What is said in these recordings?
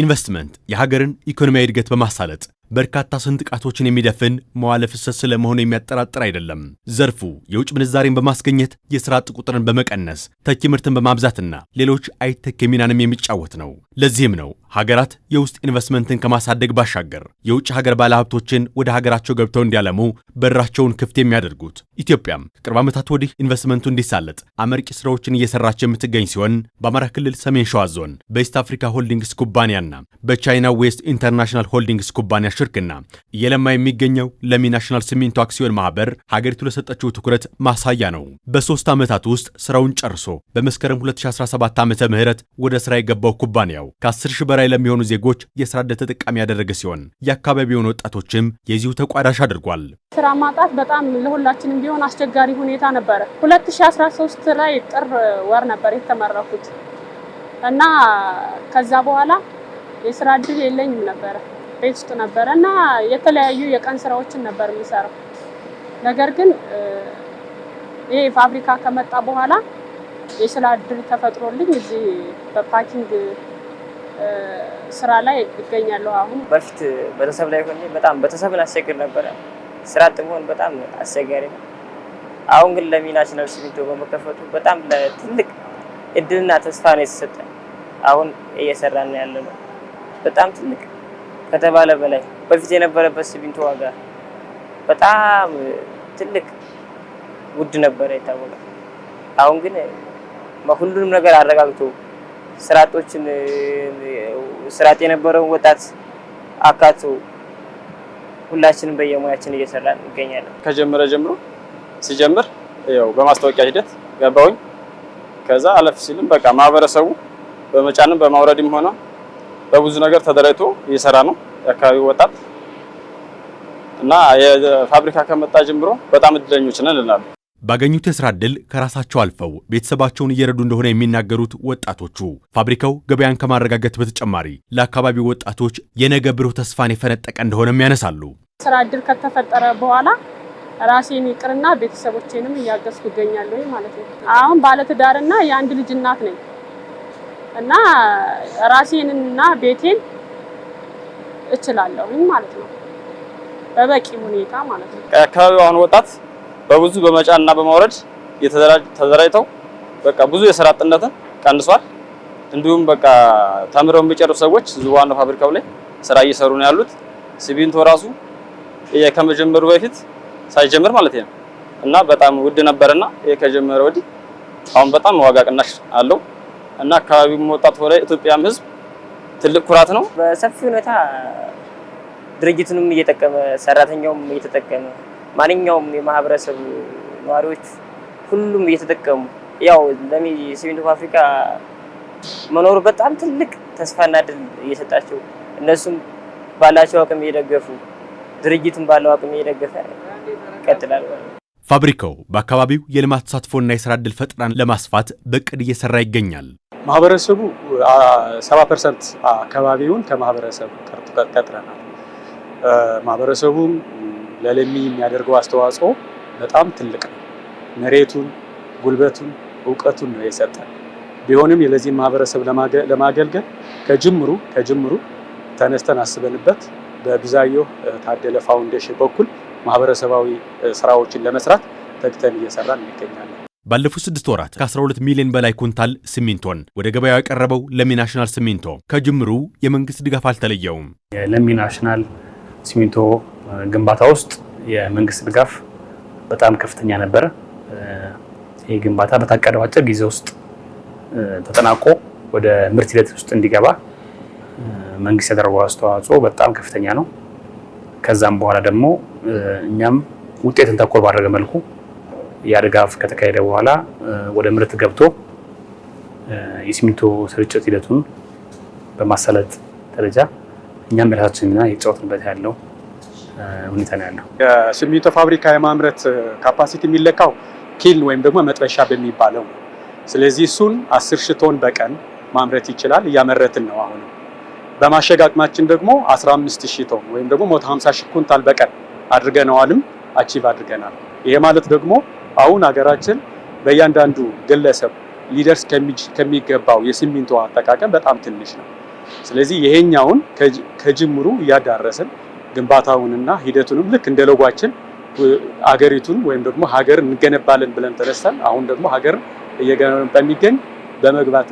ኢንቨስትመንት የሀገርን ኢኮኖሚያዊ እድገት በማሳለጥ በርካታ ስንጥቃቶችን የሚደፍን መዋለ ፍሰት ስለመሆኑ የሚያጠራጥር አይደለም። ዘርፉ የውጭ ምንዛሬን በማስገኘት የሥራ አጥ ቁጥርን በመቀነስ ተኪ ምርትን በማብዛትና ሌሎች አይተክ ሚናንም የሚጫወት ነው። ለዚህም ነው ሀገራት የውስጥ ኢንቨስትመንትን ከማሳደግ ባሻገር የውጭ ሀገር ባለሀብቶችን ወደ ሀገራቸው ገብተው እንዲያለሙ በራቸውን ክፍት የሚያደርጉት። ኢትዮጵያም ከቅርብ ዓመታት ወዲህ ኢንቨስትመንቱ እንዲሳለጥ አመርቂ ስራዎችን እየሰራች የምትገኝ ሲሆን በአማራ ክልል ሰሜን ሸዋ ዞን በኢስት አፍሪካ ሆልዲንግስ ኩባንያና በቻይና ዌስት ኢንተርናሽናል ሆልዲንግስ ኩባንያ ሽርክና እየለማ የሚገኘው ለሚ ናሽናል ሲሚንቶ አክሲዮን ማህበር ሀገሪቱ ለሰጠችው ትኩረት ማሳያ ነው። በሶስት ዓመታት ውስጥ ስራውን ጨርሶ በመስከረም 2017 ዓ ም ወደ ስራ የገባው ኩባንያው ከ10 ሺህ በላይ በላይ ለሚሆኑ ዜጎች የስራ ዕድል ተጠቃሚ ያደረገ ሲሆን የአካባቢውን ወጣቶችም የዚሁ ተቋዳሽ አድርጓል። ስራ ማጣት በጣም ለሁላችንም ቢሆን አስቸጋሪ ሁኔታ ነበረ። 2013 ላይ ጥር ወር ነበር የተመረኩት እና ከዛ በኋላ የስራ ዕድል የለኝም ነበረ። ቤት ውስጥ ነበረ እና የተለያዩ የቀን ስራዎችን ነበር የሚሰራው። ነገር ግን ይሄ ፋብሪካ ከመጣ በኋላ የስራ ዕድል ተፈጥሮልኝ እዚህ በፓኪንግ ስራ ላይ ይገኛለሁ። አሁን በፊት ቤተሰብ ላይ ሆኜ በጣም ቤተሰብን አስቸግር ነበረ። ስራ አጥ መሆን በጣም አስቸጋሪ ነው። አሁን ግን ለሚናችን ነብስ ቢቶ በመከፈቱ በጣም ለትልቅ እድልና ተስፋ ነው የተሰጠን። አሁን እየሰራ ነው ያለነው። በጣም ትልቅ ከተባለ በላይ በፊት የነበረበት ሲሚንቶ ዋጋ በጣም ትልቅ ውድ ነበረ ይታወቃል። አሁን ግን ሁሉንም ነገር አረጋግቶ ስራጦችን ስራት የነበረውን ወጣት አካቶ ሁላችንም በየሙያችን እየሰራን እንገኛለን። ከጀመረ ጀምሮ ሲጀምር ያው በማስታወቂያ ሂደት ገባውኝ። ከዛ አለፍ ሲልም በቃ ማህበረሰቡ በመጫንም በማውረድም ሆነ በብዙ ነገር ተደራጅቶ እየሰራ ነው የአካባቢው ወጣት እና የፋብሪካ ከመጣ ጀምሮ በጣም እድለኞች ነን እንላለን። ባገኙት የስራ እድል ከራሳቸው አልፈው ቤተሰባቸውን እየረዱ እንደሆነ የሚናገሩት ወጣቶቹ ፋብሪካው ገበያን ከማረጋገጥ በተጨማሪ ለአካባቢው ወጣቶች የነገ ብሩህ ተስፋን የፈነጠቀ እንደሆነም ያነሳሉ። ስራ ዕድል ከተፈጠረ በኋላ ራሴን ይቅርና ቤተሰቦቼንም እያገዝኩ ይገኛለሁ ማለት ነው። አሁን ባለትዳርና የአንድ ልጅ እናት ነኝ እና ራሴንና ቤቴን እችላለሁኝ ማለት ነው በበቂ ሁኔታ ማለት ነው። አካባቢው አሁን ወጣት በብዙ በመጫና በማውረድ ተደራጅተው በቃ ብዙ የስራ አጥነትን ቀንሷል። እንዲሁም በቃ ተምረው የሚጨርሱ ሰዎች ዝዋን ፋብሪካው ላይ ስራ እየሰሩ ነው ያሉት። ሲሚንቶ ራሱ ከመጀመሩ በፊት ሳይጀምር ማለት ነው እና በጣም ውድ ነበርና ከጀመረ ወዲህ አሁን በጣም ዋጋ ቅናሽ አለው እና አካባቢውም ወጣት ላይ ኢትዮጵያም ህዝብ ትልቅ ኩራት ነው። በሰፊ ሁኔታ ድርጅቱንም እየጠቀመ ሰራተኛውም እየተጠቀመ ማንኛውም የማህበረሰብ ነዋሪዎች ሁሉም እየተጠቀሙ ያው ለሚ ሲሚንቶ ፋብሪካ መኖሩ በጣም ትልቅ ተስፋና ድል እየሰጣቸው እነሱም ባላቸው አቅም እየደገፉ ድርጅቱም ባለው አቅም እየደገፈ ይቀጥላል። ፋብሪካው በአካባቢው የልማት ተሳትፎና የስራ እድል ፈጠራን ለማስፋት በቅድ እየሰራ ይገኛል። ማህበረሰቡ ሰባ ፐርሰንት አካባቢውን ከማህበረሰቡ ቀጥረናል። ማህበረሰቡም ለለሚ የሚያደርገው አስተዋጽኦ በጣም ትልቅ ነው። መሬቱን፣ ጉልበቱን፣ እውቀቱን ነው የሰጠን። ቢሆንም የለዚህ ማህበረሰብ ለማገልገል ከጅምሩ ከጅምሩ ተነስተን አስበንበት በብዛየሁ ታደለ ፋውንዴሽን በኩል ማህበረሰባዊ ስራዎችን ለመስራት ተግተን እየሰራን እንገኛለን። ባለፉት ስድስት ወራት ከ12 ሚሊዮን በላይ ኩንታል ሲሚንቶን ወደ ገበያው ያቀረበው ለሚ ናሽናል ሲሚንቶ ከጅምሩ የመንግስት ድጋፍ አልተለየውም። ለሚ ናሽናል ሲሚንቶ ግንባታ ውስጥ የመንግስት ድጋፍ በጣም ከፍተኛ ነበረ። ይህ ግንባታ በታቀደው አጭር ጊዜ ውስጥ ተጠናቆ ወደ ምርት ሂደት ውስጥ እንዲገባ መንግስት ያደረገው አስተዋጽኦ በጣም ከፍተኛ ነው። ከዛም በኋላ ደግሞ እኛም ውጤትን ተኮር ባደረገ መልኩ ያ ድጋፍ ከተካሄደ በኋላ ወደ ምርት ገብቶ የሲሚንቶ ስርጭት ሂደቱን በማሳለጥ ደረጃ እኛም የራሳችን ሚና የተጫወትንበት ያለው ሁኔታ ነው ያለው። የሲሚንቶ ፋብሪካ የማምረት ካፓሲቲ የሚለካው ኪል ወይም ደግሞ መጥበሻ በሚባለው ነው። ስለዚህ እሱን አስር ሺህ ቶን በቀን ማምረት ይችላል። እያመረትን ነው አሁን። በማሸግ አቅማችን ደግሞ 15 ሺህ ቶን ወይም ደግሞ 150 ሺህ ኩንታል በቀን አድርገነዋልም አቺቭ አድርገናል። ይሄ ማለት ደግሞ አሁን ሀገራችን በእያንዳንዱ ግለሰብ ሊደርስ ከሚገባው የሲሚንቶ አጠቃቀም በጣም ትንሽ ነው። ስለዚህ ይሄኛውን ከጅምሩ እያዳረስን ግንባታውንና ሂደቱንም ልክ እንደ ሎጓችን አገሪቱን ወይም ደግሞ ሀገር እንገነባለን ብለን ተነሳን። አሁን ደግሞ ሀገር እየገነባ በሚገኝ በመግባት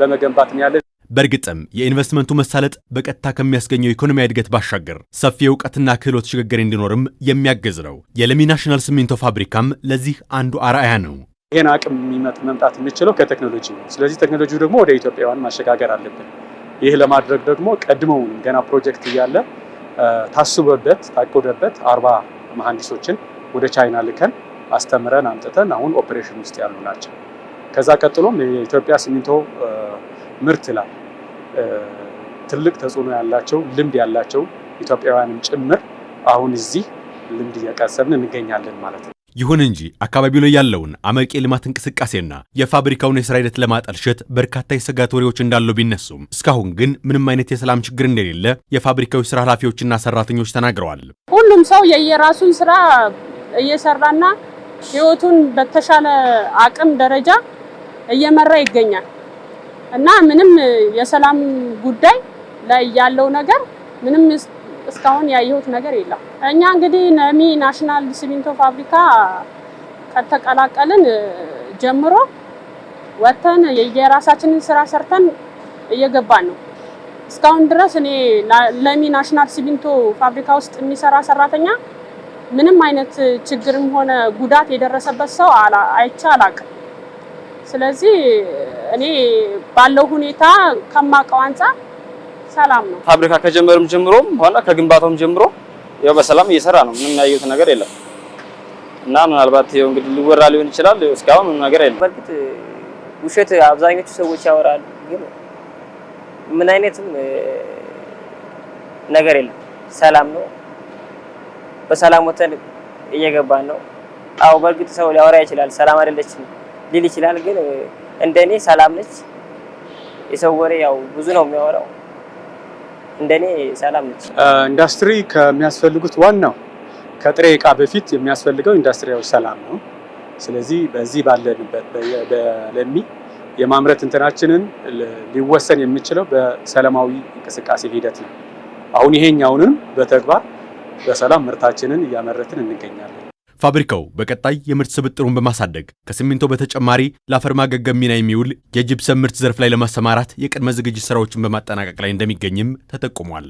በመገንባት ያለ በእርግጥም የኢንቨስትመንቱ መሳለጥ በቀጥታ ከሚያስገኘው ኢኮኖሚያዊ እድገት ባሻገር ሰፊ እውቀትና ክህሎት ሽግግር እንዲኖርም የሚያገዝ ነው። የለሚ ናሽናል ሲሚንቶ ፋብሪካም ለዚህ አንዱ አርአያ ነው። ይህን አቅም የሚመጥ መምጣት የምችለው ከቴክኖሎጂ ነው። ስለዚህ ቴክኖሎጂ ደግሞ ወደ ኢትዮጵያውያን ማሸጋገር አለብን። ይህ ለማድረግ ደግሞ ቀድሞውን ገና ፕሮጀክት እያለ ታስቦበት ታቅዶበት አርባ መሐንዲሶችን ወደ ቻይና ልከን አስተምረን አምጥተን አሁን ኦፕሬሽን ውስጥ ያሉ ናቸው። ከዛ ቀጥሎም የኢትዮጵያ ሲሚንቶ ምርት ላይ ትልቅ ተጽዕኖ ያላቸው ልምድ ያላቸው ኢትዮጵያውያንም ጭምር አሁን እዚህ ልምድ እየቀሰብን እንገኛለን ማለት ነው። ይሁን እንጂ አካባቢው ላይ ያለውን አመርቂ የልማት እንቅስቃሴና የፋብሪካውን የስራ ሂደት ለማጠልሸት በርካታ የስጋት ወሬዎች እንዳለው ቢነሱም እስካሁን ግን ምንም አይነት የሰላም ችግር እንደሌለ የፋብሪካው ስራ ኃላፊዎችና ሰራተኞች ተናግረዋል። ሁሉም ሰው የየራሱን ስራ እየሰራና ህይወቱን በተሻለ አቅም ደረጃ እየመራ ይገኛል እና ምንም የሰላም ጉዳይ ላይ ያለው ነገር ምንም እስካሁን ያየሁት ነገር የለም። እኛ እንግዲህ ነሚ ናሽናል ሲሚንቶ ፋብሪካ ከተቀላቀልን ጀምሮ ወተን የራሳችንን ስራ ሰርተን እየገባን ነው። እስካሁን ድረስ እኔ ለሚ ናሽናል ሲሚንቶ ፋብሪካ ውስጥ የሚሰራ ሰራተኛ ምንም አይነት ችግርም ሆነ ጉዳት የደረሰበት ሰው አይቼ አላቅም። ስለዚህ እኔ ባለው ሁኔታ ከማውቀው አንጻር ነው። ፋብሪካ ከጀመርም ጀምሮም ሆነ ከግንባታውም ጀምሮ ያው በሰላም እየሰራ ነው። ምንም ያየሁት ነገር የለም እና ምናልባት ይኸው እንግዲህ ሊወራ ሊሆን ይችላል። እስካሁን ምንም ነገር የለም። በእርግጥ ውሸት አብዛኞቹ ሰዎች ያወራሉ፣ ግን ምን አይነትም ነገር የለም። ሰላም ነው። በሰላም ወተን እየገባን ነው። አዎ በእርግጥ ሰው ሊያወራ ይችላል። ሰላም አይደለችም ሊል ይችላል፣ ግን እንደኔ ሰላም ነች። የሰው ወሬ ያው ብዙ ነው የሚያወራው እንደኔ ሰላም ነች። ኢንዱስትሪ ከሚያስፈልጉት ዋናው ከጥሬ እቃ በፊት የሚያስፈልገው ኢንዱስትሪያዊ ሰላም ነው። ስለዚህ በዚህ ባለንበት በለሚ የማምረት እንትናችንን ሊወሰን የሚችለው በሰላማዊ እንቅስቃሴ ሂደት ነው። አሁን ይሄኛውንም በተግባር በሰላም ምርታችንን እያመረትን እንገኛለን። ፋብሪካው በቀጣይ የምርት ስብጥሩን በማሳደግ ከሲሚንቶ በተጨማሪ ለአፈር ማገገም ሚና የሚውል የጅብሰም ምርት ዘርፍ ላይ ለማሰማራት የቅድመ ዝግጅት ስራዎችን በማጠናቀቅ ላይ እንደሚገኝም ተጠቁሟል።